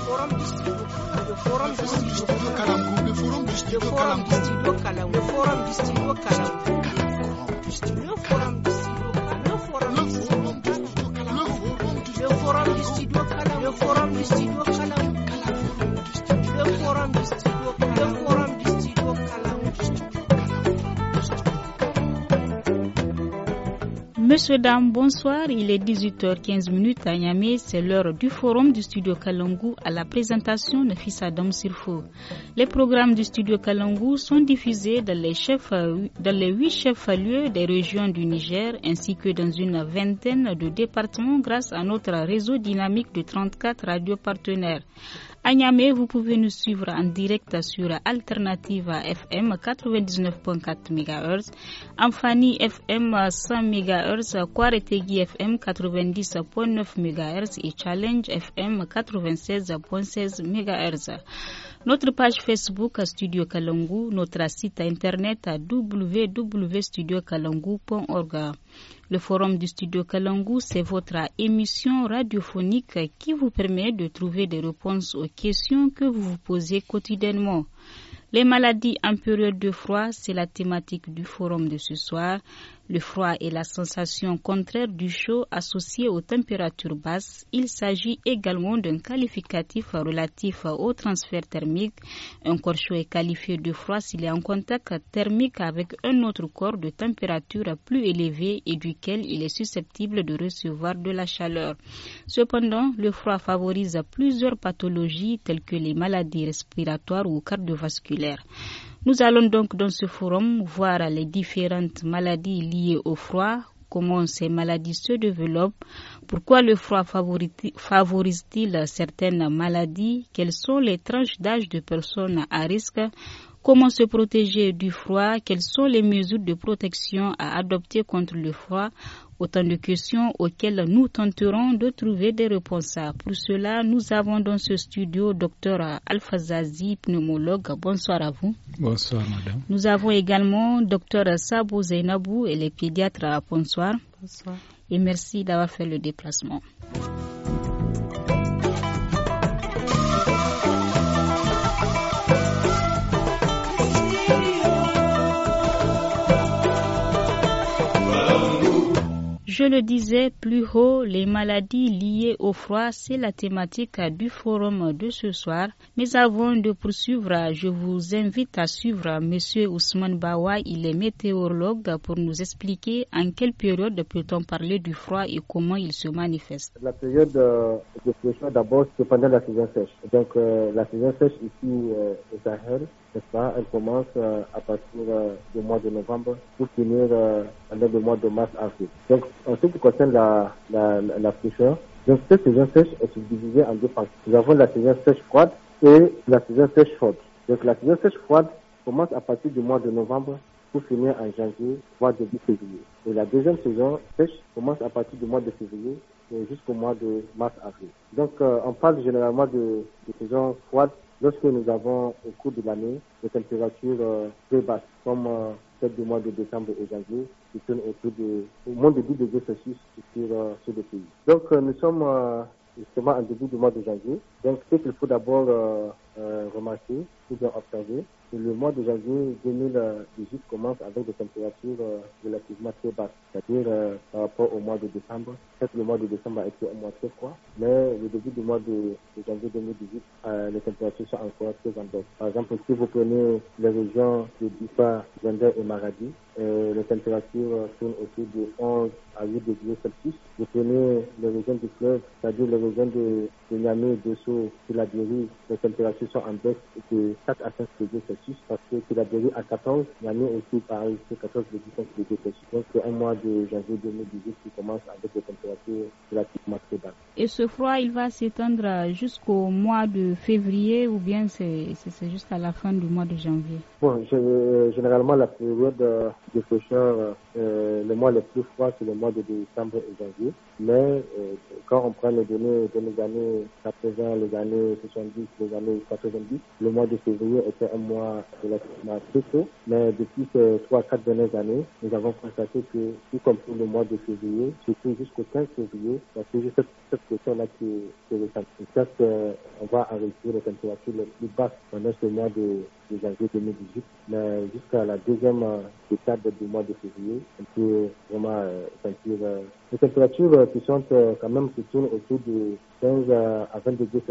forum district forum district kalam the forum district forum district forum district forum Monsieur, dames, bonsoir. Il est 18h15 à Niamey. C'est l'heure du forum du studio Kalangou à la présentation de Fils Adam Sirfo. Les programmes du studio Kalangou sont diffusés dans les, dans les 8 chefs-lieux des régions du Niger ainsi que dans une vingtaine de départements grâce à notre réseau dynamique de 34 radios partenaires. À Nyame, vous pouvez nous suivre en direct sur Alternativa FM 99.4 MHz, Amphani FM 100 MHz, Quaretegi FM 90.9 MHz et Challenge FM 96.16 MHz. Notre page Facebook Studio Kalangu, notre site internet à www.studiokalangu.org. Le forum du studio Kalangu, c'est votre émission radiophonique qui vous permet de trouver des réponses aux questions que vous vous posez quotidiennement. Les maladies en période de froid, c'est la thématique du forum de ce soir. Le froid est la sensation contraire du chaud associée aux températures basses. Il s'agit également d'un qualificatif relatif au transfert thermique. Un corps chaud est qualifié de froid s'il est en contact thermique avec un autre corps de température plus élevée et duquel il est susceptible de recevoir de la chaleur. Cependant, le froid favorise plusieurs pathologies telles que les maladies respiratoires ou cardiovasculaires. Nous allons donc dans ce forum voir les différentes maladies liées au froid, comment ces maladies se développent, pourquoi le froid favorise-t-il certaines maladies, quelles sont les tranches d'âge de personnes à risque, comment se protéger du froid, quelles sont les mesures de protection à adopter contre le froid, Autant de questions auxquelles nous tenterons de trouver des réponses. Pour cela, nous avons dans ce studio Dr Zazi, pneumologue. Bonsoir à vous. Bonsoir, madame. Nous avons également Dr Sabo Zainabou, et les pédiatres. Bonsoir. Bonsoir. Et merci d'avoir fait le déplacement. Je le disais plus haut, les maladies liées au froid, c'est la thématique du forum de ce soir. Mais avant de poursuivre, je vous invite à suivre M. Ousmane Bawa. Il est météorologue pour nous expliquer en quelle période peut-on parler du froid et comment il se manifeste. La période euh, de froid, d'abord, c'est pendant la saison sèche. Donc, euh, la saison sèche ici euh, au Sahel, ça, elle commence à partir du mois de novembre pour finir pendant le mois de mars-avril. En ce qui concerne la, fraîcheur, donc cette saison sèche est subdivisée en deux parties. Nous avons la saison sèche froide et la saison sèche chaude. Donc la saison sèche froide commence à partir du mois de novembre pour finir en janvier, voire début février. Et la deuxième saison sèche commence à partir du mois de février jusqu'au mois de mars-avril. Donc euh, on parle généralement de saison froide lorsque nous avons au cours de l'année des températures euh, très basses, comme euh, celle du mois de décembre et janvier, qui de au moins de 10 degrés Celsius sur, ce euh, sur pays. Donc nous sommes justement en début du mois de janvier donc, ce qu'il faut d'abord euh, euh, remarquer ou bien observer, c'est le mois de janvier 2018 commence avec des températures euh, relativement très basses, c'est-à-dire euh, par rapport au mois de décembre. peut le mois de décembre a été un mois très froid, mais le début du mois de, janvier 2018, les températures sont encore très en Par exemple, si vous prenez les régions de Dufa, Gender et Maradi, les températures sont autour de 11 à 8 degrés Celsius. Vous prenez les régions du fleuve, c'est-à-dire les régions de, de Niamey, de Sou, que la durée, les températures sont en baisse de 4 à 5 degrés Celsius parce que la durée à 14, l'année aussi pareil, c'est 14 degrés degrés Celsius. Donc c'est un mois de janvier 2018 qui commence avec des températures relativement très basses. Et ce froid, il va s'étendre jusqu'au mois de février ou bien c'est jusqu'à la fin du mois de janvier Bon, euh, généralement la période euh, de fraîcheur, euh, euh, le mois le plus froid, c'est le mois de décembre et janvier. Mais euh, quand on prend les données de nos années 80, les années 70, les années 90, le mois de février était un mois relativement très tôt. Mais depuis ces trois, quatre dernières années, nous avons constaté que, comme pour le mois de février, surtout jusqu'au 15 février, c'est que cette, cette question-là qui, est ressentie. Certes, euh, on va arrêter les températures les plus basses pendant ce mois de de janvier 2018 mais jusqu'à la deuxième euh, décade du mois de février, on peut vraiment euh, sentir euh, les températures qui sont quand même qui tournent autour de 15 à 20 degrés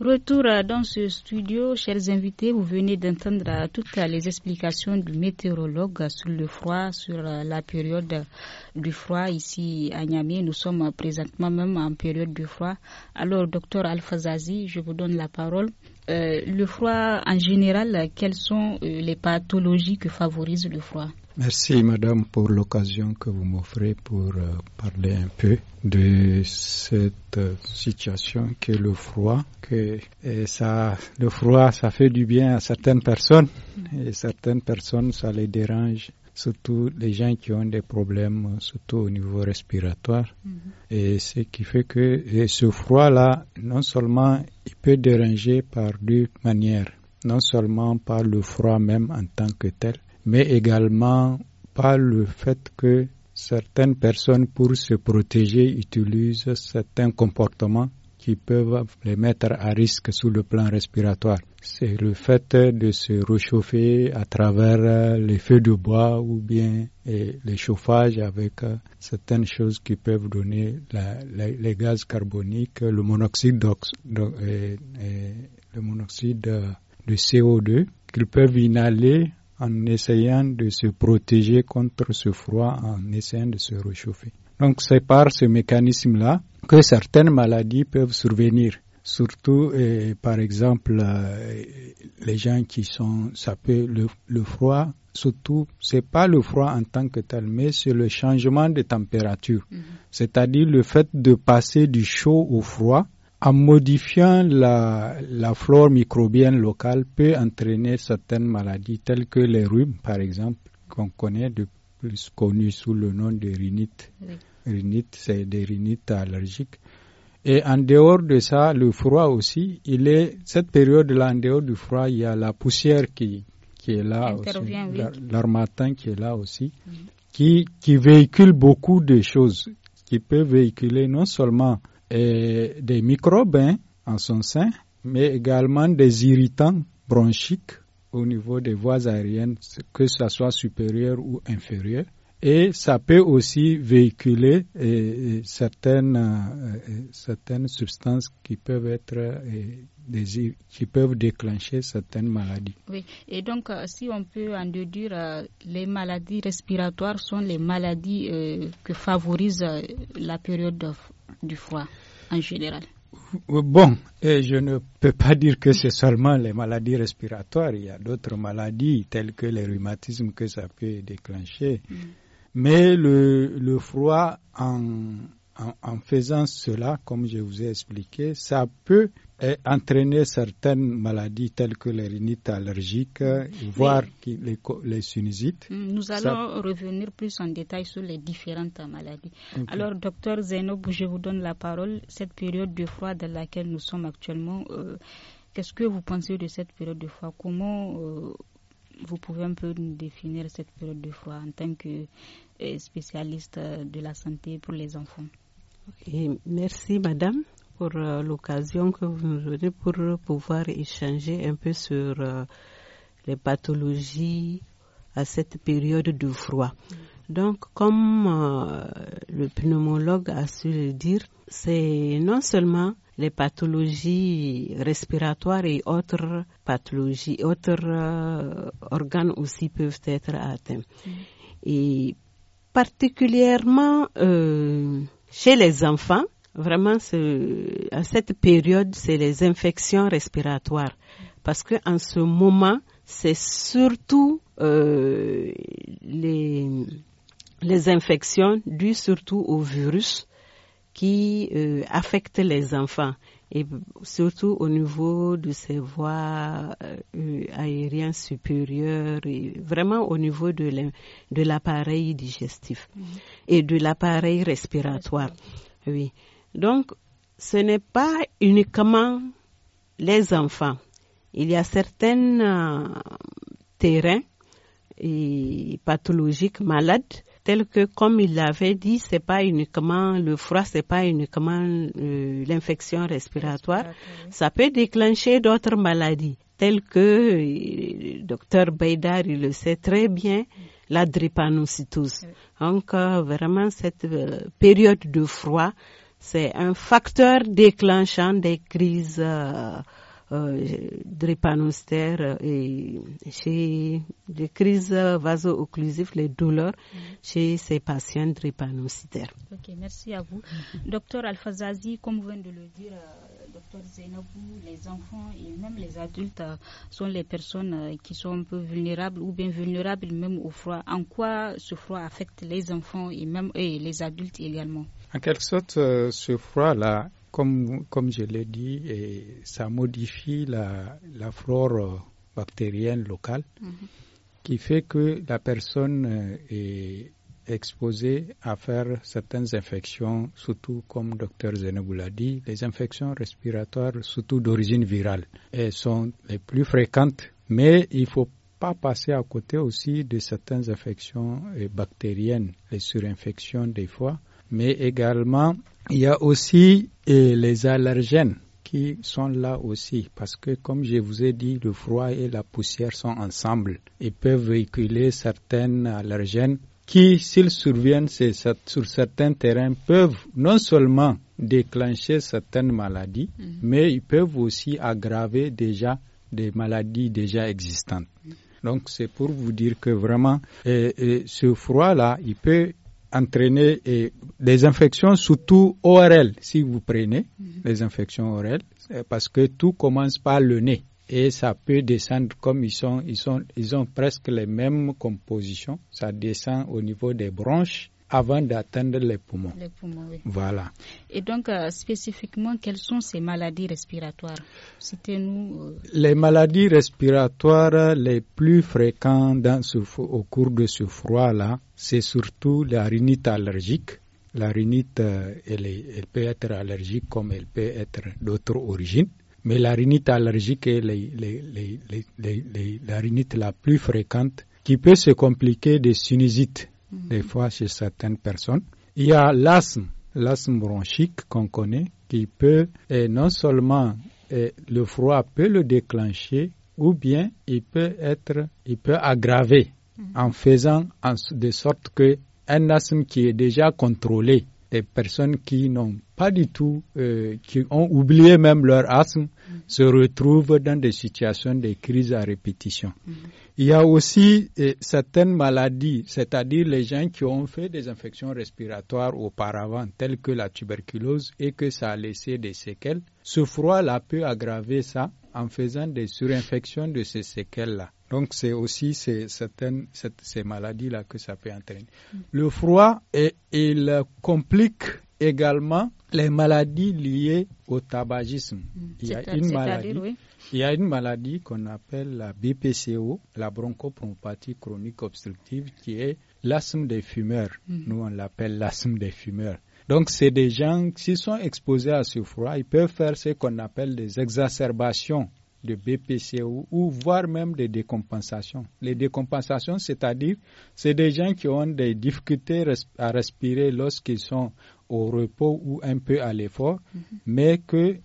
Retour dans ce studio, chers invités, vous venez d'entendre toutes les explications du météorologue sur le froid, sur la période du froid ici à Niamey. Nous sommes présentement même en période du froid. Alors, docteur Alphazazi, je vous donne la parole. Euh, le froid en général, quelles sont euh, les pathologies que favorise le froid Merci Madame pour l'occasion que vous m'offrez pour euh, parler un peu de cette situation que le froid. Que ça, le froid, ça fait du bien à certaines personnes mm. et certaines personnes, ça les dérange surtout les gens qui ont des problèmes, euh, surtout au niveau respiratoire. Mm-hmm. Et ce qui fait que ce froid-là, non seulement il peut déranger par deux manières, non seulement par le froid même en tant que tel, mais également par le fait que certaines personnes, pour se protéger, utilisent certains comportements qui peuvent les mettre à risque sur le plan respiratoire c'est le fait de se réchauffer à travers euh, les feux de bois ou bien les chauffages avec euh, certaines choses qui peuvent donner les gaz carboniques, le monoxyde, le monoxyde euh, de CO2 qu'ils peuvent inhaler en essayant de se protéger contre ce froid, en essayant de se réchauffer. Donc c'est par ce mécanisme-là que certaines maladies peuvent survenir. Surtout, euh, par exemple, euh, les gens qui sont sapés, le, le froid, surtout, c'est pas le froid en tant que tel, mais c'est le changement de température. Mhm. C'est-à-dire le fait de passer du chaud au froid en modifiant la, flore microbienne locale peut entraîner certaines maladies telles que les rhumes, par exemple, qu'on connaît de plus connu sous le nom de rhinite. Rhinite, c'est des rhinites allergiques. Et en dehors de ça, le froid aussi, il est, cette période-là, en dehors du froid, il y a la poussière qui, qui est là aussi, l'armatin qui est là aussi, mm. qui, qui véhicule beaucoup de choses, qui peut véhiculer non seulement eh, des microbes hein, en son sein, mais également des irritants bronchiques au niveau des voies aériennes, que ce soit supérieur ou inférieur et ça peut aussi véhiculer eh, eh, certaines, eh, certaines substances qui peuvent être qui peuvent déclencher certaines maladies. Oui, et donc euh, si on peut en dire, euh, les maladies respiratoires sont les maladies euh, que favorise la période du froid en général. Bon, et je ne peux pas dire que c'est seulement les maladies respiratoires. Il y a d'autres maladies telles que les rhumatismes que ça peut déclencher. Mm. Mais le, le froid, en, faisant cela, comme je vous ai expliqué, ça peut eh, entraîner certaines maladies telles que les rhinites allergiques, voire les, les sinusites. Mm, nous allons revenir plus en détail sur les différentes maladies. Alors, docteur Zenob, je vous donne la parole. Cette période de froid dans laquelle nous sommes actuellement, euh, qu'est-ce que vous pensez de cette période de froid Comment euh, vous pouvez un peu nous définir cette période de froid en tant que spécialiste de la santé pour les enfants. merci Madame pour euh, l'occasion que vous nous donnez pour pouvoir échanger un peu sur euh, les pathologies à cette période de froid. Donc, comme euh, le pneumologue a su le dire, c'est non seulement les pathologies respiratoires et autres pathologies, autres organes aussi peuvent être atteints. Mm. Et particulièrement euh, chez les enfants. Vraiment, à cette période, c'est les infections respiratoires. Parce que en ce moment, c'est surtout euh, les, les infections dues surtout au virus qui euh, affectent les enfants et surtout au niveau de ses voies euh, aériennes supérieures, vraiment au niveau de l'appareil digestif mhm. et de l'appareil respiratoire. Oui. Donc, ce n'est pas uniquement les enfants. Il y a certains euh, terrains et pathologiques malades tel que, comme il l'avait dit, c'est pas uniquement le froid, c'est pas uniquement euh, l'infection respiratoire. Ça peut déclencher d'autres maladies, telles que, euh, docteur Beidar, il le sait très bien, la drépanocytose. Donc, euh, vraiment, cette période de froid, c'est un facteur déclenchant des crises euh, drépanocytaires et chez les crises vaso-occlusives, les douleurs mhm. chez ces patients drépanocytaires. Ok, merci à vous. Docteur Alfazazi, comme vous venez de le dire, euh, docteur Zenobou, les enfants et même les adultes euh, sont les personnes euh, qui sont un peu vulnérables ou bien vulnérables même au froid. En quoi ce froid affecte les enfants et même et les adultes également En quelque sorte, ce froid-là comme, comme je l'ai dit, et ça modifie la, la flore bactérienne locale, mhm. qui fait que la personne euh, est exposée à faire certaines infections, surtout comme docteur Zenebou l'a dit, les infections respiratoires, surtout d'origine virale, elles sont les plus fréquentes, mais il ne faut pas passer à côté aussi de certaines infections euh, bactériennes, les surinfections des fois, mais également il y a aussi eh, les allergènes qui sont là aussi parce que comme je vous ai dit le froid et la poussière sont ensemble et peuvent véhiculer certaines allergènes qui s'ils surviennent sur certains terrains peuvent non seulement déclencher certaines maladies mm-hmm. mais ils peuvent aussi aggraver déjà des maladies déjà existantes. Mm-hmm. Donc c'est pour vous dire que vraiment eh, eh, ce froid-là, il peut entraîner des infections, surtout ORL, si vous prenez mhm. les infections ORL, parce que tout commence par le nez et ça peut descendre comme ils sont, ils sont, ils ont presque les mêmes compositions. Ça descend au niveau des branches avant d'atteindre les poumons. Les poumons oui. Voilà. Et donc, euh, spécifiquement, quelles sont ces maladies respiratoires Citez-nous. Euh, les maladies respiratoires les plus fréquentes dans ce, au cours de ce froid-là, c'est surtout la rhinite allergique. La rhinite, euh, elle, peut être allergique comme elle peut être d'autres origines. Mais la rhinite allergique est les, la rhinite la plus fréquente qui peut se compliquer des sinusites. Mhm. des fois chez certaines personnes. Il y a l'asthme, l'asthme bronchique qu'on connaît, qui peut, et non seulement le froid peut le déclencher, ou bien il peut être, il peut aggraver mhm. en faisant de sorte que un asthme qui est déjà contrôlé des personnes qui n'ont pas du tout, euh, qui ont oublié même leur asthme, mm. se retrouvent dans des situations de crise à répétition. Mm. Il y a aussi euh, certaines maladies, c'est-à-dire les gens qui ont fait des infections respiratoires auparavant, telles que la tuberculose, et que ça a laissé des séquelles. Ce froid-là peut aggraver ça en faisant des surinfections de ces séquelles-là. Donc c'est aussi ces, certaines, ces maladies-là que ça peut entraîner. Mm. Le froid, et, il complique également les maladies liées au tabagisme. Mm. Il y a une maladie, maladie qu'on appelle la BPCO, la bronchopneumopathie chronique obstructive, qui est l'asthme des fumeurs. Mm. Nous, on l'appelle l'asthme des fumeurs. Donc, c'est des gens, qui sont exposés à ce froid, ils peuvent faire ce qu'on appelle des exacerbations de BPCO ou voire même des décompensations. Les décompensations, c'est-à-dire, c'est des gens qui ont des difficultés à respirer lorsqu'ils sont au repos ou un peu à l'effort, mm-hmm. mais que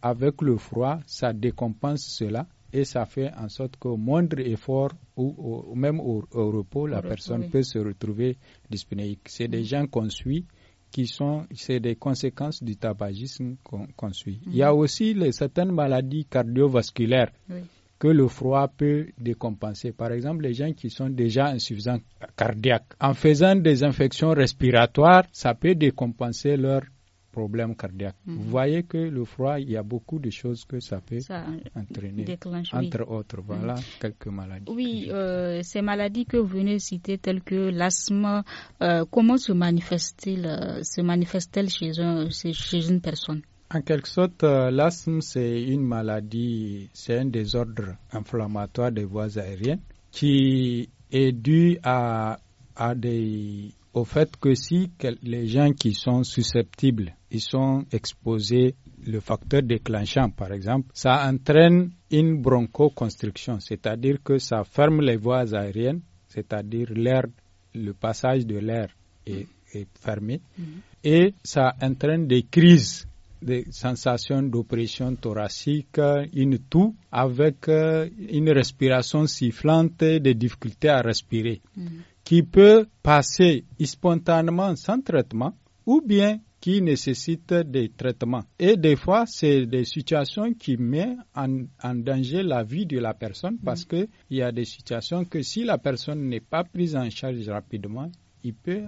avec le froid, ça décompense cela et ça fait en sorte qu'au moindre effort ou, même au, repos, la personne peut se retrouver dyspnéique. C'est des mm. gens qu'on suit qui sont c'est des conséquences du tabagisme qu'on suit. Mhm. Il y a aussi les, certaines maladies cardiovasculaires que le froid peut décompenser. Par exemple, les gens qui sont déjà insuffisants cardiaques, en faisant des infections respiratoires, ça peut décompenser leur problème cardiaque. Mhm. Vous voyez que le froid, il y a beaucoup de choses que ça peut entraîner, entre autres. Mhm. Voilà quelques maladies. Oui, euh, ces maladies que vous venez de citer, telles que l'asthme, euh, comment se euh, manifeste-t-elle se manifeste chez, chez une personne en quelque sorte, l'asthme, c'est une maladie, c'est un désordre inflammatoire des voies aériennes qui est dû à, à des au fait que si les gens qui sont susceptibles, ils sont exposés, le facteur déclenchant par exemple, ça entraîne une bronchoconstriction, c'est-à-dire que ça ferme les voies aériennes, c'est-à-dire l'air, le passage de l'air est, mm-hmm. fermé, mm-hmm. et ça entraîne des crises des sensations d'oppression thoracique, une toux avec euh, une respiration sifflante, des difficultés à respirer. Mm-hmm qui peut passer spontanément sans traitement ou bien qui nécessite des traitements. Et des fois, c'est des situations qui mettent en, danger la vie de la personne mm-hmm. parce que qu'il y a des situations que si la personne n'est pas prise en charge rapidement, il peut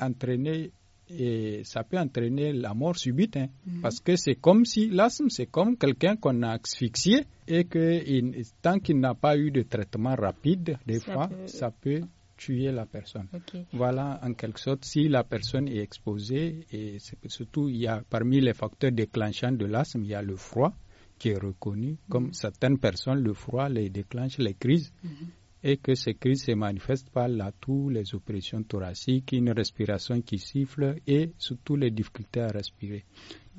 entraîner et ça peut entraîner la mort subite hein. mm-hmm. parce que c'est comme si l'asthme c'est comme quelqu'un qu'on a asphyxié et que tant qu'il n'a pas eu de traitement rapide des fois ça peut tuer la personne. Voilà, en quelque sorte, si la personne est exposée, et surtout, il y a parmi les facteurs déclenchants de l'asthme, il y a le froid qui est reconnu. Comme mm-hmm. certaines personnes, le froid les déclenche les crises. Mm-hmm. Et que ces crises se manifestent par la toux, les oppressions thoraciques, une respiration qui siffle et surtout les difficultés à respirer.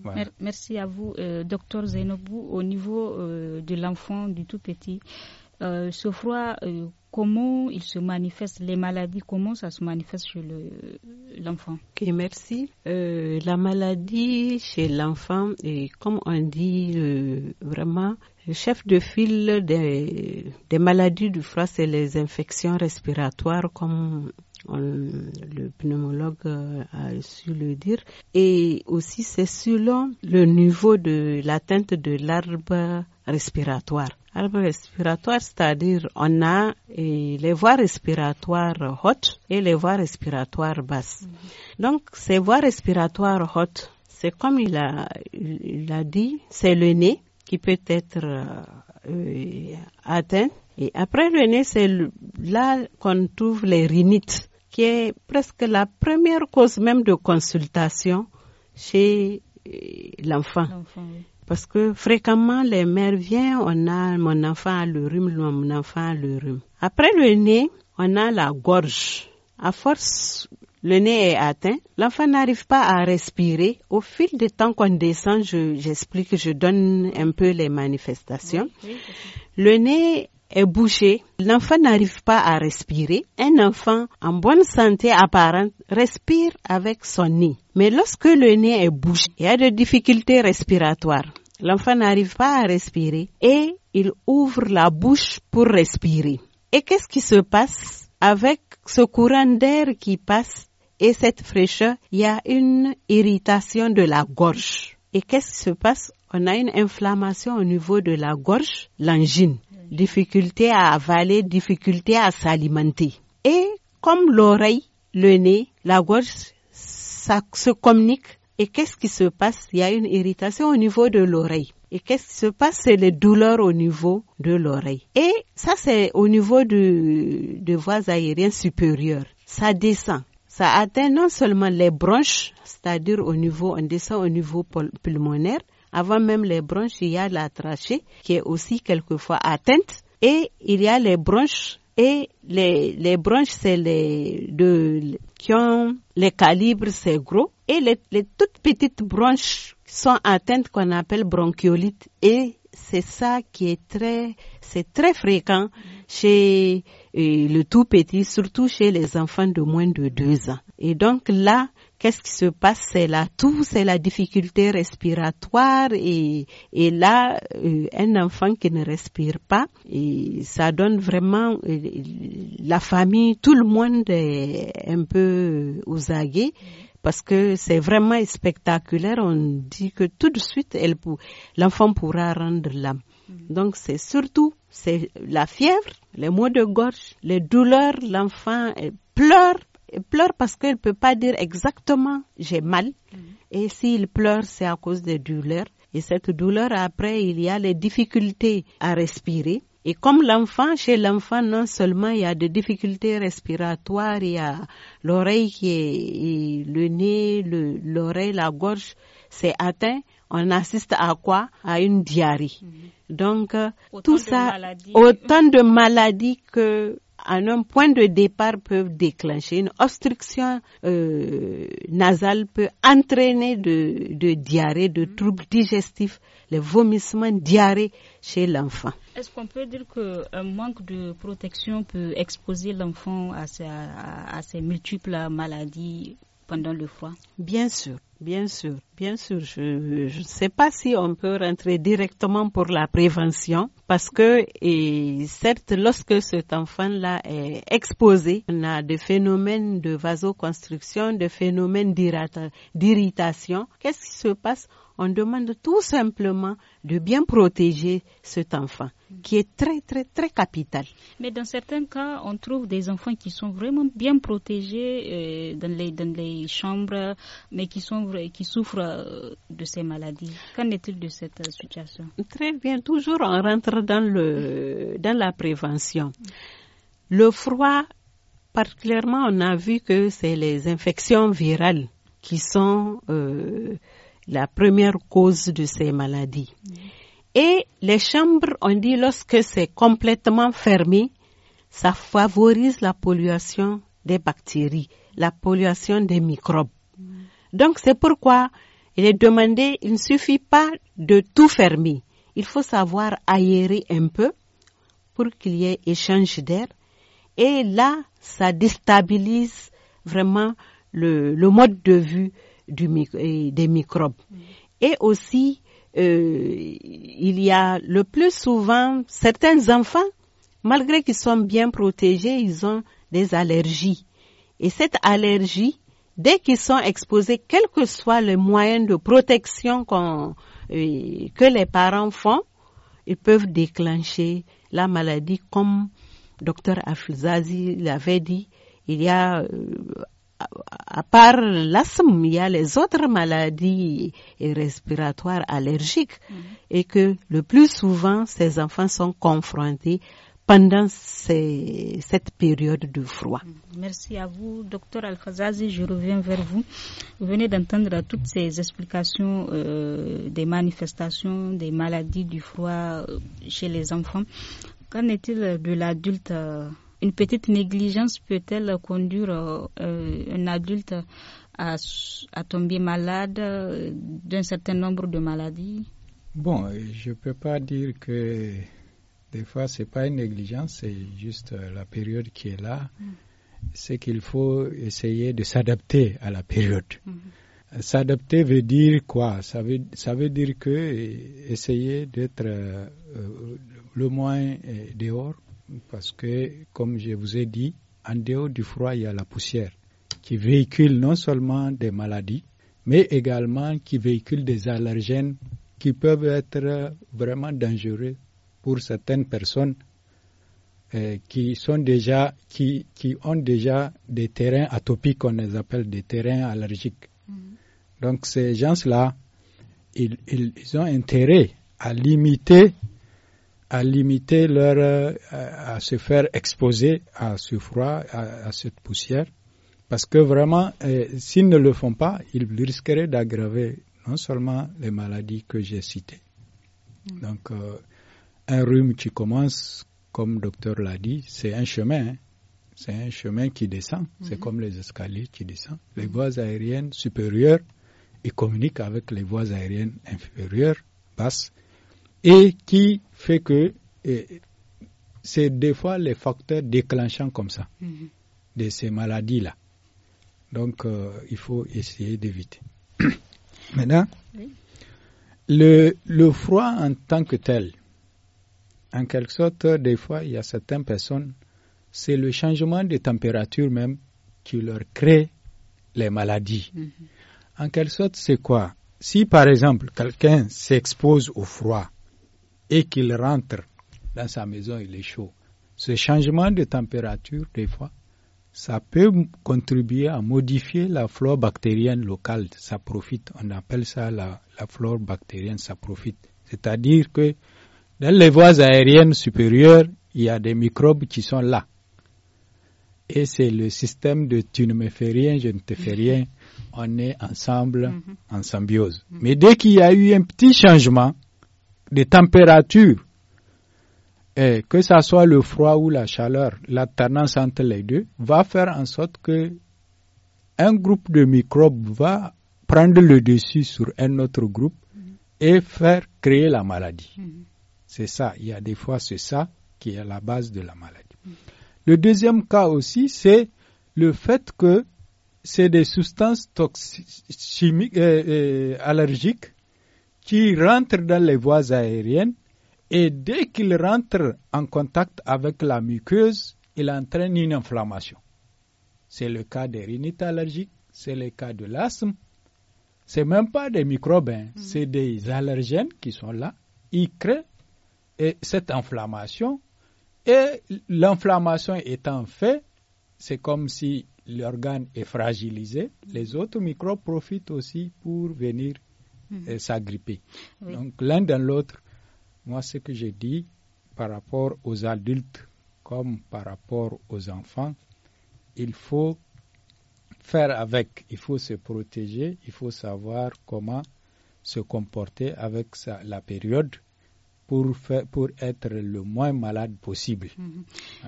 Voilà. Merci à vous, euh, docteur Zainobou. Au niveau euh, de l'enfant, du tout petit, euh, ce froid comment il se manifeste, les maladies, comment ça se manifeste chez l'enfant. merci. Euh, la maladie chez l'enfant et comme on dit euh, vraiment, le chef de file des, des maladies du froid, c'est les infections respiratoires, comme euh, le pneumologue euh, a su le dire. Et aussi, c'est selon le niveau de l'atteinte de l'arbre respiratoire. Arbre respiratoire, c'est-à-dire on a les voies respiratoires hautes et les voies respiratoires basses. Mhm. Donc, ces voies respiratoires hautes, c'est comme il a, dit, c'est le nez qui peut être euh, atteint. Et après le nez, c'est là qu'on trouve les rhinites qui est presque la première cause même de consultation chez euh, l'enfant. Parce que fréquemment, les mères viennent, on a mon enfant a le rhume, mon enfant a le rhume. Après le nez, on a la gorge. À force, le nez est atteint, l'enfant n'arrive pas à respirer. Au fil du temps qu'on descend, j'explique, je, donne un peu les manifestations. le nez est bouché, l'enfant n'arrive pas à respirer. Un enfant en bonne santé apparente respire avec son nez. Mais lorsque le nez est bouché, il y a des difficultés respiratoires. L'enfant n'arrive pas à respirer et il ouvre la bouche pour respirer. Et qu'est-ce qui se passe avec ce courant d'air qui passe et cette fraîcheur Il y a une irritation de la gorge. Et qu'est-ce qui se passe On a une inflammation au niveau de la gorge, l'angine difficulté à avaler, difficulté à s'alimenter. Et comme l'oreille, le nez, la gorge, ça se communique. Et qu'est-ce qui se passe Il y a une irritation au niveau de l'oreille. Et qu'est-ce qui se passe C'est les douleurs au niveau de l'oreille. Et ça, c'est au niveau de, voies aériennes supérieures. Ça descend. Ça atteint non seulement les branches, c'est-à-dire au niveau, on descend au niveau pulmonaire, avant même les bronches, il y a la trachée qui est aussi quelquefois atteinte. Et il y a les bronches et les, les branches, c'est les, de, qui ont les calibres, c'est gros. Et les, les, toutes petites branches sont atteintes qu'on appelle bronchiolite. Et c'est ça qui est très, c'est très fréquent chez euh, le tout petit, surtout chez les enfants de moins de deux ans. Et donc là, qu'est-ce qui se passe C'est la toux, c'est la difficulté respiratoire et, et là, euh, un enfant qui ne respire pas, et ça donne vraiment euh, la famille, tout le monde est un peu aux aguets parce que c'est vraiment spectaculaire. On dit que tout de suite, l'enfant pourra rendre l'âme. Mm-hmm. Donc c'est surtout c'est la fièvre, les mois de gorge, les douleurs, l'enfant pleure pleure parce qu'il ne peut pas dire exactement j'ai mal. Mm-hmm. Et s'il pleure, c'est à cause des douleurs. Et cette douleur, après, il y a les difficultés à respirer. Et comme l'enfant, chez l'enfant, non seulement il y a des difficultés respiratoires, il y a l'oreille qui est, le nez, l'oreille, la gorge, c'est atteint. On assiste à quoi À une diarrhée. Mm-hmm. Donc, euh, tout ça, autant de maladies que un point de départ peuvent déclencher. Une obstruction euh, nasale peut entraîner de, de diarrhée, de mm. troubles digestifs, les vomissements, diarrhée chez l'enfant. Est-ce qu'on peut dire qu'un manque de protection peut exposer l'enfant à, à, à ces multiples maladies pendant le froid Bien sûr. Bien sûr, bien sûr. Je ne sais pas si on peut rentrer directement pour la prévention parce que, et certes, lorsque cet enfant-là est exposé, on a des phénomènes de vasoconstriction, des phénomènes d'irritation. Qu'est-ce qui se passe on demande tout simplement de bien protéger cet enfant qui est très, très, très capital. Mais dans certains cas, on trouve des enfants qui sont vraiment bien protégés euh, dans, les, chambres, mais qui, sont, qui souffrent euh, de ces maladies. Qu'en est-il de cette euh, situation Très bien, toujours on rentre dans, le, dans la prévention. Le froid, particulièrement, on a vu que c'est les infections virales qui sont la première cause de ces maladies. Et les chambres, on dit, lorsque c'est complètement fermé, ça favorise la pollution des bactéries, la pollution des microbes. Donc c'est pourquoi il est demandé, il ne suffit pas de tout fermer. Il faut savoir aérer un peu pour qu'il y ait échange d'air. Et là, ça déstabilise vraiment le, le mode de vue du, des microbes. Et aussi, euh, il y a le plus souvent certains enfants, malgré qu'ils sont bien protégés, ils ont des allergies. Et cette allergie, dès qu'ils sont exposés, quel que soit le moyen de protection qu euh, que les parents font, ils peuvent déclencher la maladie comme docteur Afzazi l'avait dit. Il y a euh, à part l'asthme, il y a les autres maladies respiratoires allergiques mm-hmm. et que le plus souvent, ces enfants sont confrontés pendant cette période de froid. Mm-hmm. Merci à vous, docteur Al-Khazazi. Je reviens vers vous. Vous venez d'entendre toutes ces explications euh, des manifestations des maladies du froid euh, chez les enfants. Qu'en est-il de l'adulte euh, une petite négligence peut-elle conduire euh, un adulte à, tomber malade euh, d'un certain nombre de maladies Bon, je ne peux pas dire que des fois, ce n'est pas une négligence, c'est juste euh, la période qui est là. Mm. C'est qu'il faut essayer de s'adapter à la période. Mm. S'adapter veut dire quoi ça veut, ça veut dire que essayer d'être le moins dehors parce que, comme je vous ai dit, en dehors du froid, il y a la poussière qui véhicule non seulement des maladies, mais également qui véhicule des allergènes qui peuvent être vraiment dangereux pour certaines personnes euh, qui sont déjà qui, ont déjà des terrains atopiques qu'on les appelle des terrains allergiques. Mm-hmm. Donc ces gens-là, ils, ils, ont intérêt à limiter à limiter leur, euh, à se faire exposer à ce froid, à, à cette poussière, parce que vraiment, euh, s'ils ne le font pas, ils risqueraient d'aggraver non seulement les maladies que j'ai citées. Mm. Donc, euh, un rhume qui commence, comme le docteur l'a dit, c'est un chemin. Hein. C'est un chemin qui descend. Mm-hmm. C'est comme les escaliers qui descendent. Les voies aériennes supérieures, ils communiquent avec les voies aériennes inférieures, basses, et qui fait que c'est des fois les facteurs déclenchants comme ça, mm-hmm. de ces maladies-là. Donc, euh, il faut essayer d'éviter. Maintenant, le, le, froid en tant que tel, en quelque sorte, des fois, il y a certaines personnes, c'est le changement de température même qui leur crée les maladies. Mm-hmm. En quelque sorte, c'est quoi Si par exemple quelqu'un s'expose au froid, et qu'il rentre dans sa maison, il est chaud. Ce changement de température, des fois, ça peut contribuer à modifier la flore bactérienne locale. Ça profite, on appelle ça la, flore bactérienne, ça profite. C'est-à-dire que dans les voies aériennes supérieures, il y a des microbes qui sont là. Et c'est le système de tu ne me fais rien, je ne te fais rien. On est ensemble, mm-hmm. en symbiose. Mais dès qu'il y a eu un petit changement, de température, et que ce soit le froid ou la chaleur, l'alternance entre les deux, va faire en sorte que un groupe de microbes va prendre le dessus sur un autre groupe et faire créer la maladie. Mm-hmm. C'est ça, il y a des fois c'est ça qui est la base de la maladie. Le deuxième cas aussi, c'est le fait que c'est des substances toxiques, chimiques, euh, euh, allergiques qui rentrent dans les voies aériennes et dès qu'il rentre en contact avec la muqueuse, il entraîne une inflammation. C'est le cas des rhinites allergiques, c'est le cas de l'asthme. C'est même pas des microbes, hein. mm. c'est des allergènes qui sont là. Ils créent cette inflammation. Et l'inflammation étant faite, c'est comme si l'organe est fragilisé. Les autres microbes profitent aussi pour venir mmh. s'agripper. Donc l'un dans l'autre, moi ce que j'ai dit par rapport aux adultes comme par rapport aux enfants, il faut faire avec, il faut se protéger, il faut savoir comment se comporter avec la période pour, pour être le moins malade possible. Mhm.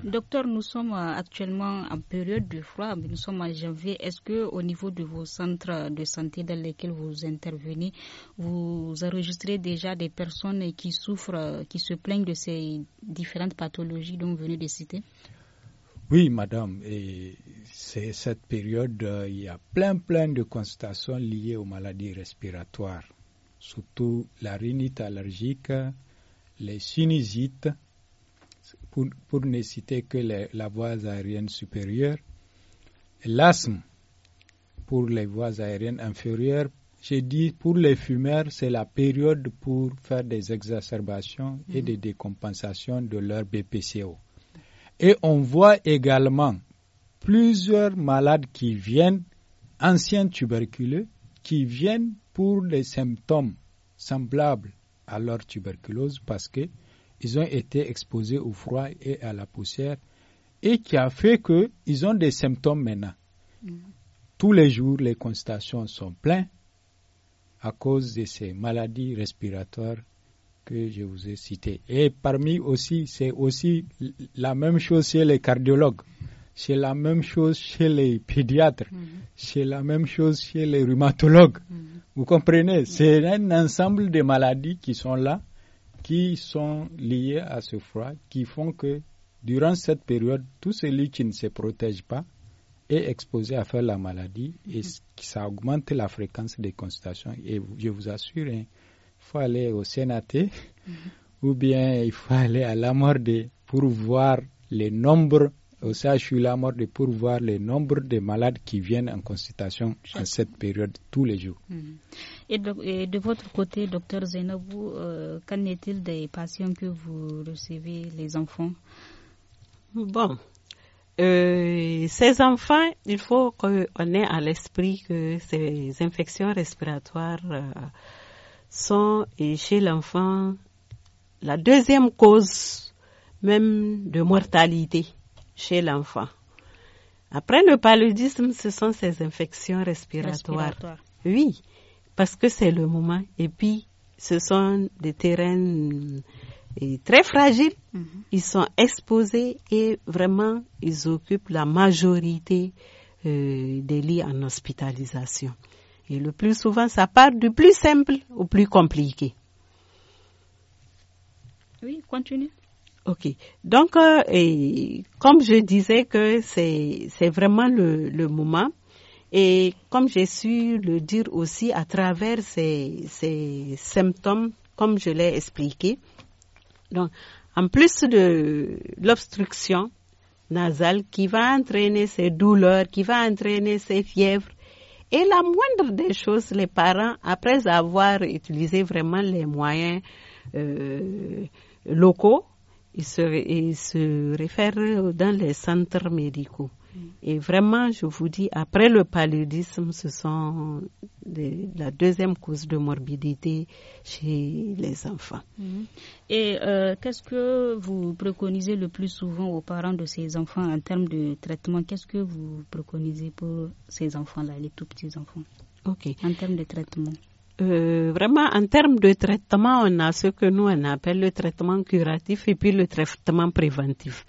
Docteur, nous sommes actuellement en période de froid, nous sommes en janvier. Est-ce que au niveau de vos centres de santé dans lesquels vous intervenez, vous enregistrez déjà des personnes qui souffrent, qui se plaignent de ces différentes pathologies dont vous venez de citer oui, madame, et c'est cette période, euh, il y a plein, plein de constatations liées aux maladies respiratoires, surtout la rhinite allergique, les sinusites, pour, ne citer que la voie aérienne supérieure, l'asthme pour les voies aériennes inférieures. J'ai dit pour les fumeurs, c'est la période pour faire des exacerbations et mm-hmm. des décompensations de leur BPCO. Et on voit également plusieurs malades qui viennent, anciens tuberculeux, qui viennent pour des symptômes semblables à leur tuberculose parce qu'ils ont été exposés au froid et à la poussière et qui a fait qu'ils ont des symptômes maintenant. Mm. Tous les jours, les constations sont pleines à cause de ces maladies respiratoires que je vous ai citées. Et parmi aussi, c'est aussi la même chose chez les cardiologues c'est la même chose chez les pédiatres, c'est la même chose chez les rhumatologues. Vous comprenez C'est un ensemble de maladies qui sont là, qui sont liées à ce froid, qui font que durant cette période, tout celui qui ne se protège pas est exposé à faire la maladie et mhm. ça augmente la fréquence des consultations. Et je vous assure, hein, il faut aller au sénaté mhm. ou bien il faut aller à la mort pour voir les nombres je suis là mort pour voir le nombre de malades qui viennent en consultation en cette période tous les jours. Mm-hmm. Et de, votre côté, docteur Zenobou, euh, qu'en est-il des patients que vous recevez, les enfants Bon, euh, ces enfants, il faut qu'on ait à l'esprit que ces infections respiratoires euh, sont chez l'enfant la deuxième cause même de mortalité chez l'enfant. Après le paludisme, ce sont ces infections respiratoires. Oui, parce que c'est le moment. Et puis, ce sont des terrains euh, très fragiles. Mhm. Ils sont exposés et vraiment, ils occupent la majorité euh, des lits en hospitalisation. Et le plus souvent, ça part du plus simple au plus compliqué. Oui, continue. Ok. Donc, euh, comme je disais que c'est vraiment le, le, moment, et comme j'ai su le dire aussi à travers ces, ces symptômes, comme je l'ai expliqué, donc, en plus de l'obstruction nasale qui va entraîner ces douleurs, qui va entraîner ces fièvres, et la moindre des choses, les parents, après avoir utilisé vraiment les moyens euh, locaux, il se, se réfèrent dans les centres médicaux. Et vraiment, je vous dis, après le paludisme, ce sont la deuxième cause de morbidité chez les enfants. Mm-hmm. Et euh, qu'est-ce que vous préconisez le plus souvent aux parents de ces enfants en termes de traitement Qu'est-ce que vous préconisez pour ces enfants-là, les tout petits enfants Ok. En termes de traitement euh, vraiment, en termes de traitement, on a ce que nous, on appelle le traitement curatif et puis le traitement préventif.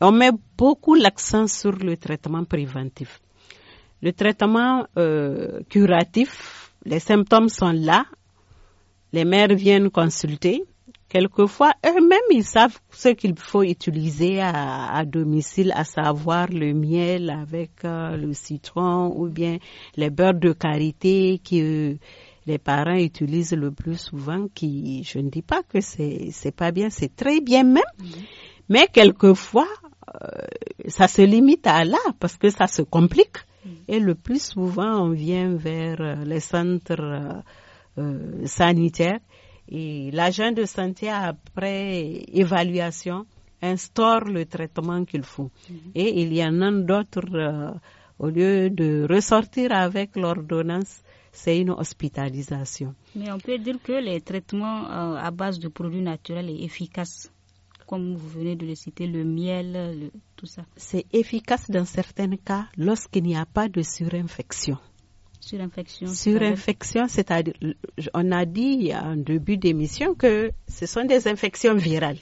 On met beaucoup l'accent sur le traitement préventif. Le traitement euh, curatif, les symptômes sont là, les mères viennent consulter. Quelquefois, eux-mêmes, ils savent ce qu'il faut utiliser à, à, domicile, à savoir le miel avec euh, le citron ou bien les beurres de karité qui, euh, les parents utilisent le plus souvent, qui, je ne dis pas que c'est, c'est pas bien, c'est très bien même, mhm. mais quelquefois, euh, ça se limite à là, parce que ça se complique. Mhm. Et le plus souvent, on vient vers euh, les centres euh, sanitaires et l'agent de santé, après évaluation, instaure le traitement qu'il faut. Mhm. Et il y en a d'autres, au lieu de ressortir avec l'ordonnance, c'est une hospitalisation. Mais on peut dire que les traitements euh, à base de produits naturels sont efficaces, comme vous venez de le citer, le miel, tout ça. C'est efficace dans certains cas lorsqu'il n'y a pas de surinfection. Surinfection. Surinfection, c'est-à-dire, on a dit en début d'émission que ce sont des infections virales.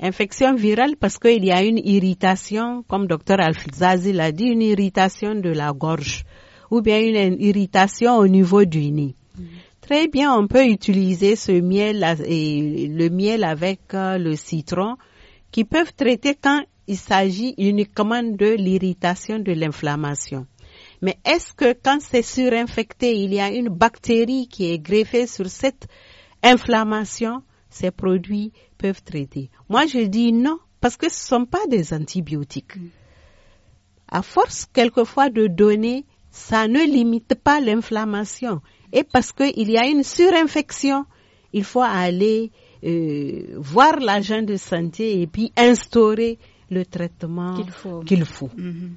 Infection virale parce qu'il y a une irritation, comme docteur Alfizazi l'a dit, une irritation de la gorge ou bien une irritation au niveau du nez. Très bien, on peut utiliser ce miel et le miel avec euh, le citron qui peuvent traiter quand il s'agit uniquement de l'irritation, de l'inflammation. Mais est-ce que quand c'est surinfecté, il y a une bactérie qui est greffée sur cette inflammation, ces produits peuvent traiter Moi, je dis non, parce que ce ne sont pas des antibiotiques. Mm. À force, quelquefois, de donner ça ne limite pas l'inflammation. Et parce qu'il y a une surinfection, il faut aller euh, voir l'agent de santé et puis instaurer le traitement qu'il faut. Mhm.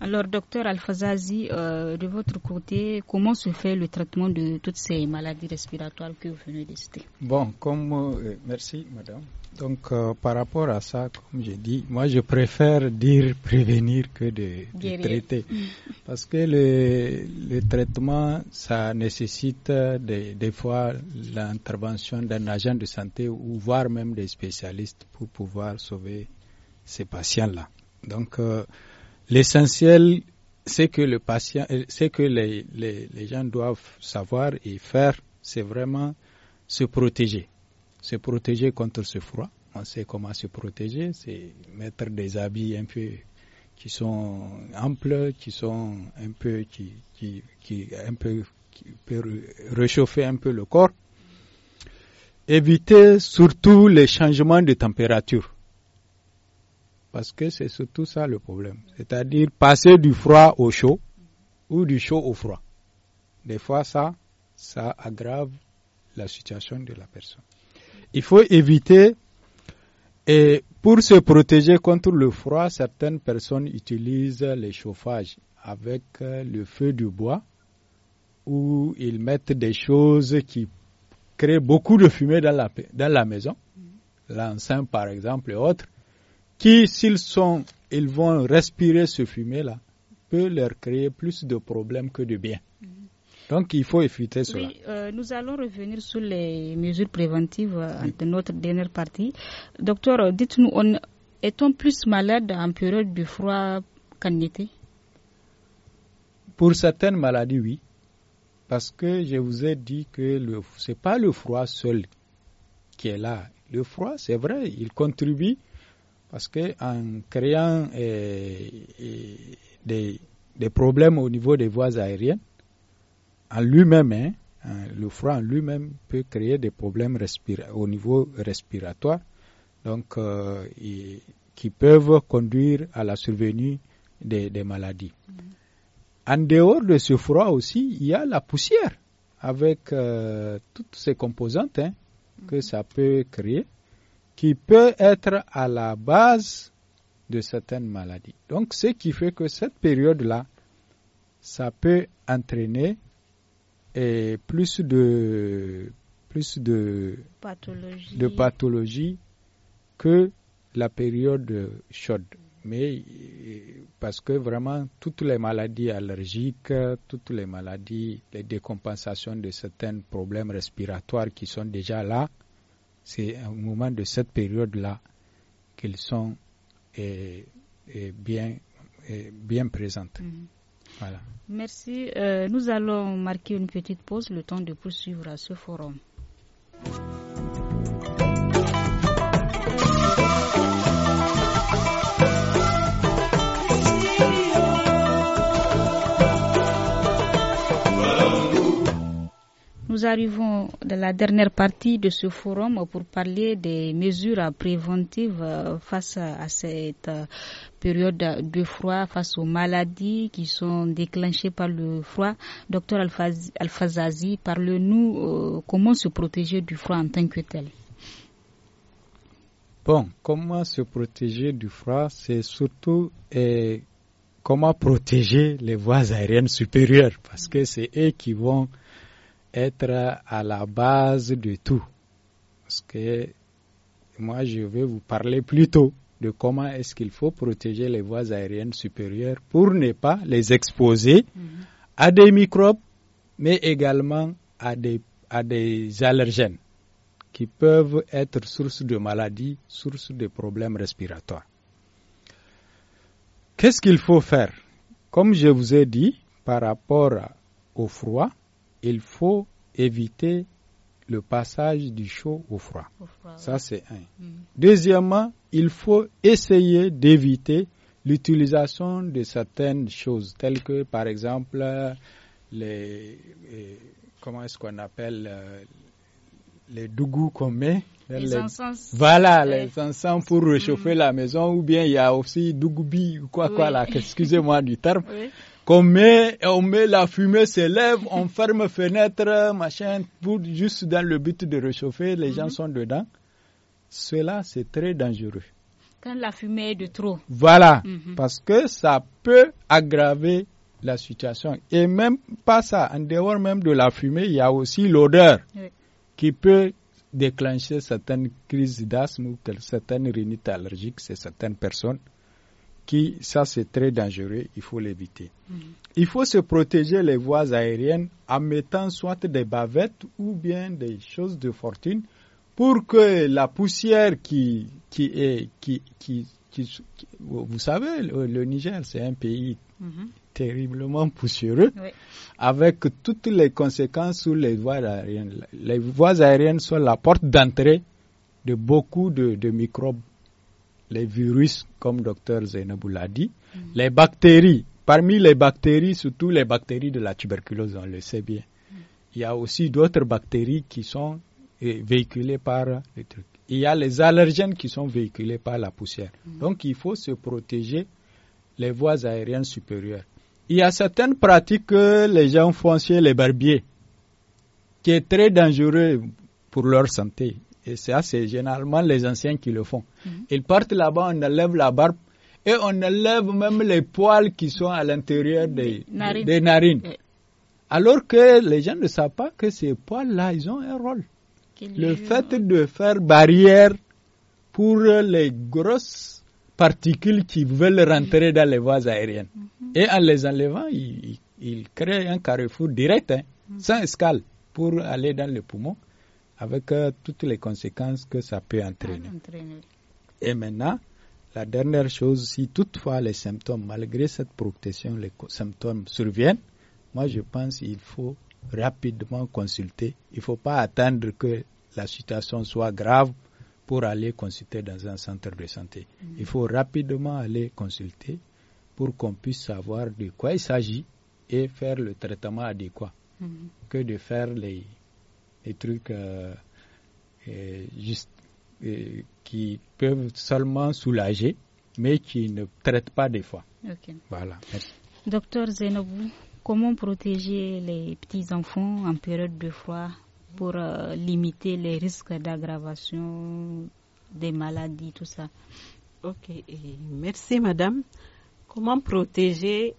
Alors, docteur Alfazazi, euh, de votre côté, comment se fait le traitement de toutes ces maladies respiratoires que vous venez de citer Bon, comme. Euh, merci, madame. Donc, euh, par rapport à ça, comme j'ai dit, moi, je préfère dire prévenir que de, traiter. Mm. Parce que le, traitement, ça nécessite des fois l'intervention d'un agent de santé ou voire même des spécialistes pour pouvoir sauver ces patients-là. Donc, L'essentiel, c'est que le patient, euh, c'est que les, gens doivent savoir et faire, c'est vraiment se protéger. Se protéger contre ce froid. On sait comment se protéger, c'est mettre des habits un peu qui sont amples, qui sont un peu qui, qui, un peu peut réchauffer un peu le corps. Éviter surtout les changements de température. Parce que c'est surtout ça le problème. C'est-à-dire passer du froid au chaud ou du chaud au froid. Des fois, ça, ça aggrave la situation de la personne. Il faut éviter, et pour se protéger contre le froid, certaines personnes utilisent les chauffages avec euh, le feu du bois où ils mettent des choses qui créent beaucoup de fumée dans la, dans la maison, l'enceinte par exemple et autres qui, s'ils sont, ils vont respirer ce fumée là peut leur créer plus de problèmes que de bien. Mm-hmm. Donc il faut éviter cela. Euh, nous allons revenir sur les mesures préventives euh, de notre dernière partie. Docteur, dites-nous, est-on plus malade en période de froid qu'en été Pour certaines maladies, oui. Parce que je vous ai dit que ce n'est pas le froid seul qui est là. Le froid, c'est vrai, il contribue parce qu'en créant euh, euh, des, problèmes au niveau des voies aériennes, en lui-même, hein, hein, le froid en lui-même peut créer des problèmes au niveau respiratoire, donc euh, qui peuvent conduire à la survenue des, maladies. En dehors de ce froid aussi, il y a la poussière avec toutes ces composantes hein, que mhm. ça peut créer qui peut être à la base de certaines maladies. Donc, ce qui fait que cette période-là, ça peut entraîner plus de plus de de que la période chaude. Mais parce que vraiment toutes les maladies allergiques, toutes les maladies, les décompensations de certains problèmes respiratoires qui sont déjà là, c'est au moment de cette période-là qu'ils sont eh, eh, eh, bien, présentes. Mhm. Merci. Euh, nous allons marquer une petite pause, le temps de poursuivre à ce forum. arrivons à la dernière partie de ce forum pour parler des mesures préventives euh, face à cette euh, période de froid, face aux maladies qui sont déclenchées par le froid. Docteur Alfazazi, parle-nous euh, comment se protéger du froid en tant que tel. Bon, comment se protéger du froid, c'est surtout eh, comment protéger les voies aériennes supérieures, parce que c'est eux qui vont être à la base de tout. Parce que moi, je vais vous parler plutôt de comment est-ce qu'il faut protéger les voies aériennes supérieures pour ne pas les exposer mhm. à des microbes, mais également à des, à des allergènes qui peuvent être source de maladies, source de problèmes respiratoires. Qu'est-ce qu'il faut faire Comme je vous ai dit, par rapport au froid, il faut éviter le passage du chaud au froid. Ça, c'est un. Mm. Deuxièmement, il faut essayer d'éviter l'utilisation de certaines choses, telles que, par exemple, les. Comment est-ce qu'on appelle euh, les dougous qu'on met les voilà, les encens pour réchauffer mm. la maison, ou bien il y a aussi dougoubi ou quoi, quoi, là, excusez-moi du terme. qu'on met, on met la fumée s'élève, on ferme fenêtre, machin, pour, juste dans le but de réchauffer, les gens mhm. sont dedans. Cela, c'est très dangereux. Quand la fumée est de trop. Voilà, mhm. parce que ça peut aggraver la situation. Et même pas ça, en dehors même de la fumée, il y a aussi l'odeur qui peut déclencher certaines crises d'asthme ou certaines rhinites allergiques chez certaines personnes qui, ça c'est très dangereux, il faut l'éviter. Mhm. Il faut se protéger les voies aériennes en mettant soit des bavettes ou bien des choses de fortune pour que la poussière qui, qui est, qui, qui, vous savez, le, Niger, c'est un pays mhm. terriblement poussiéreux, avec toutes les conséquences sur les voies aériennes. Les voies aériennes sont la porte d'entrée de beaucoup de microbes les virus, comme docteur Zainabou l'a dit, mm. les bactéries. Parmi les bactéries, surtout les bactéries de la tuberculose, on le sait bien. Mm. Il y a aussi d'autres bactéries qui sont eh, véhiculées par les trucs. Il y a les allergènes qui sont véhiculés par la poussière. Mm. Donc il faut se protéger les voies aériennes supérieures. Il y a certaines pratiques que les gens font chez les barbiers, qui est très dangereux pour leur santé. Et ça, c'est généralement les anciens qui le font. Mm-hmm. Ils partent là-bas, on enlève la barbe et on enlève même les poils qui sont à l'intérieur des, narines. Des narines. Alors que les gens ne savent pas que ces poils-là, ils ont un rôle. le fait de faire barrière pour les grosses particules qui veulent rentrer dans les voies aériennes. Mm-hmm. Et en les enlevant, ils, créent un carrefour direct, hein, mm-hmm. sans escale, pour aller dans les poumons avec euh, toutes les conséquences que ça peut entraîner. Et maintenant, la dernière chose, si toutefois les symptômes, malgré cette protection, les symptômes surviennent, moi je pense qu'il faut rapidement consulter. Il ne faut pas attendre que la situation soit grave pour aller consulter dans un centre de santé. Mm-hmm. Il faut rapidement aller consulter pour qu'on puisse savoir de quoi il s'agit et faire le traitement adéquat mm-hmm. que de faire les des trucs euh, euh, euh, qui peuvent seulement soulager, mais qui ne traitent pas des fois. Ok. Voilà. Docteur Zenobou, comment protéger les petits-enfants en période de froid pour limiter les risques d'aggravation des maladies, tout ça Ok, merci madame. Comment protéger,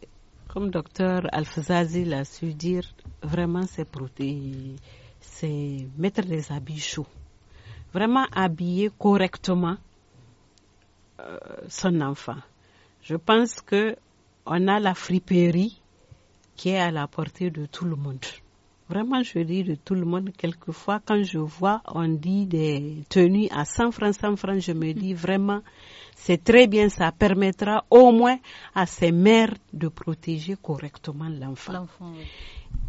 comme docteur Alfazazi l'a su dire, vraiment c'est protéger c'est mettre les habits chauds. Vraiment habiller correctement euh, son enfant. Je pense que on a la friperie qui est à la portée de tout le monde. Vraiment, je dis de tout le monde, quelquefois, quand je vois, on dit des tenues à 100 francs, 100 francs, je me dis vraiment, c'est très bien, ça permettra au moins à ces mères de protéger correctement l'enfant.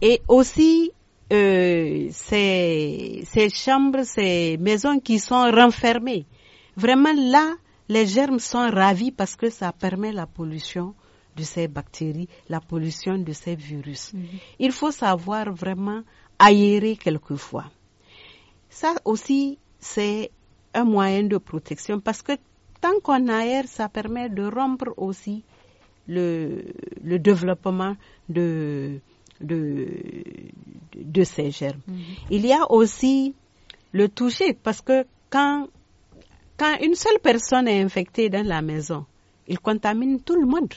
Et aussi, euh, ces, chambres, ces maisons qui sont renfermées. Vraiment là, les germes sont ravis parce que ça permet la pollution de ces bactéries, la pollution de ces virus. Mhm. Il faut savoir vraiment aérer quelquefois. Ça aussi, c'est un moyen de protection parce que tant qu'on aère, ça permet de rompre aussi le, le développement de, de, ces germes. Il y a aussi le toucher, parce que quand, une seule personne est infectée dans la maison, il contamine tout le monde.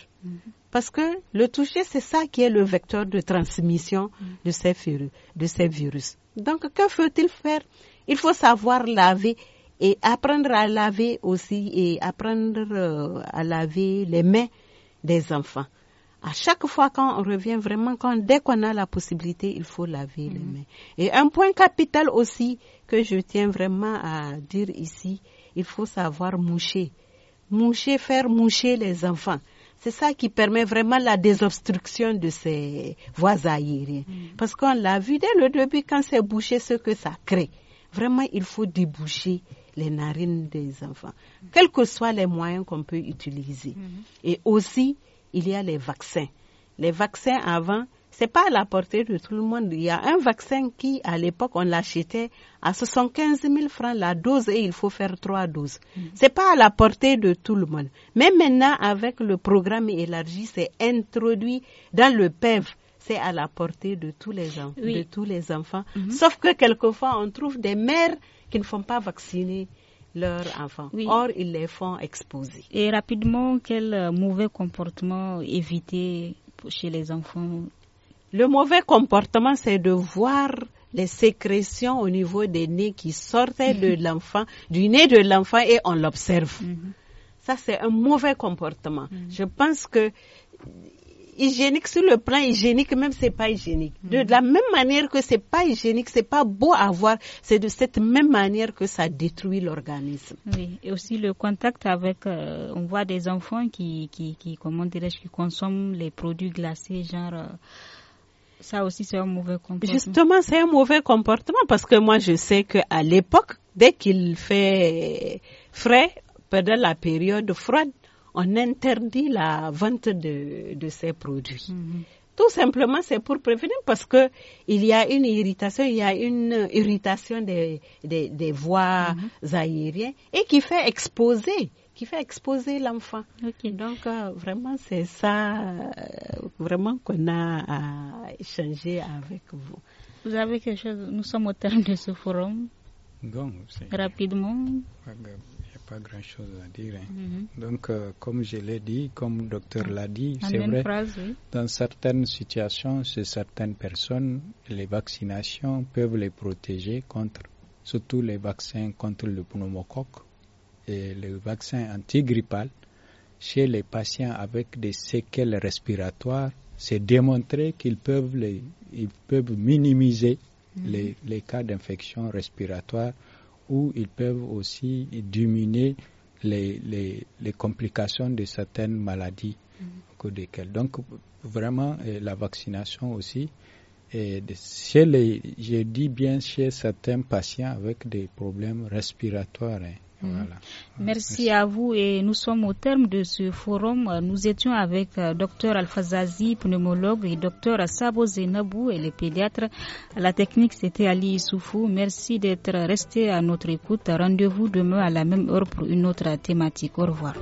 Parce que le toucher, c'est ça qui est le vecteur de transmission de, de ces virus. Donc, que faut-il faire Il faut savoir laver et apprendre à laver aussi et apprendre euh, à laver les mains des enfants à chaque fois qu'on revient vraiment, quand, dès qu'on a la possibilité, il faut laver les mhm. mains. Et un point capital aussi que je tiens vraiment à dire ici, il faut savoir moucher. Moucher, faire moucher les enfants. C'est ça qui permet vraiment la désobstruction de ces voies aériennes. Mhm. Parce qu'on l'a vu dès le début, quand c'est bouché, ce que ça crée. Vraiment, il faut déboucher les narines des enfants, mhm. quels que soient les moyens qu'on peut utiliser. Et aussi, il y a les vaccins. Les vaccins avant, c'est pas à la portée de tout le monde. Il y a un vaccin qui, à l'époque, on l'achetait à 75 000 francs la dose et il faut faire trois doses. Ce mm. C'est pas à la portée de tout le monde. Mais maintenant, avec le programme élargi, c'est introduit dans le PEV c'est à la portée de tous les, gens, de tous les enfants. Mm-hmm. Sauf que quelquefois, on trouve des mères qui ne font pas vacciner leurs enfants. Or, ils les font exposer. Et rapidement, quel euh, mauvais comportement éviter chez les enfants Le mauvais comportement, c'est de voir les sécrétions au niveau des nez qui sortaient de mhm. l'enfant, du nez de l'enfant et on l'observe. Mhm. Ça, c'est un mauvais comportement. Mhm. Je pense que hygiénique sur le plan hygiénique même c'est pas hygiénique. De, mhm. la même manière que c'est pas hygiénique, c'est pas beau à voir, c'est de cette même manière que ça détruit l'organisme. Oui, et aussi le contact avec euh, on voit des enfants qui qui comment dirais-je qui consomment les produits glacés genre euh, ça aussi c'est un mauvais comportement. Justement, c'est un mauvais comportement parce que moi je sais que à l'époque dès qu'il fait frais pendant la période froide on interdit la vente de, ces produits. Mm-hmm. Tout simplement, c'est pour prévenir parce que il y a une irritation, il y a une irritation des, des, voies mm-hmm. aériennes et qui fait exposer qui fait exposer l'enfant. Donc, euh, vraiment, c'est ça, euh, vraiment, qu'on a à échanger avec vous. Vous avez quelque chose, nous sommes au terme de ce forum. Rapidement pas grand-chose à dire. Hein. Mhm. Donc, euh, comme je l'ai dit, comme le docteur l'a dit, c'est vrai, dans certaines situations, chez certaines personnes, les vaccinations peuvent les protéger contre, surtout les vaccins contre le pneumocoque et les vaccins antigrippal. Chez les patients avec des séquelles respiratoires, c'est démontré qu'ils peuvent, ils peuvent minimiser mhm. les, les cas d'infection respiratoire où ils peuvent aussi diminuer les, les, complications de certaines maladies mm-hmm. au desquelles. Donc, vraiment, euh, la vaccination aussi, et chez les, je dis bien chez certains patients avec des problèmes respiratoires. Hein. Mm. Mm. Merci, à vous et nous sommes au terme de ce forum. Nous étions avec euh, Dr Alfazazi, pneumologue, et docteur Sabo Zenabou, et les pédiatres. La technique, c'était Ali Soufou. Merci d'être resté à notre écoute. Rendez-vous demain à la même heure pour une autre thématique. Au revoir.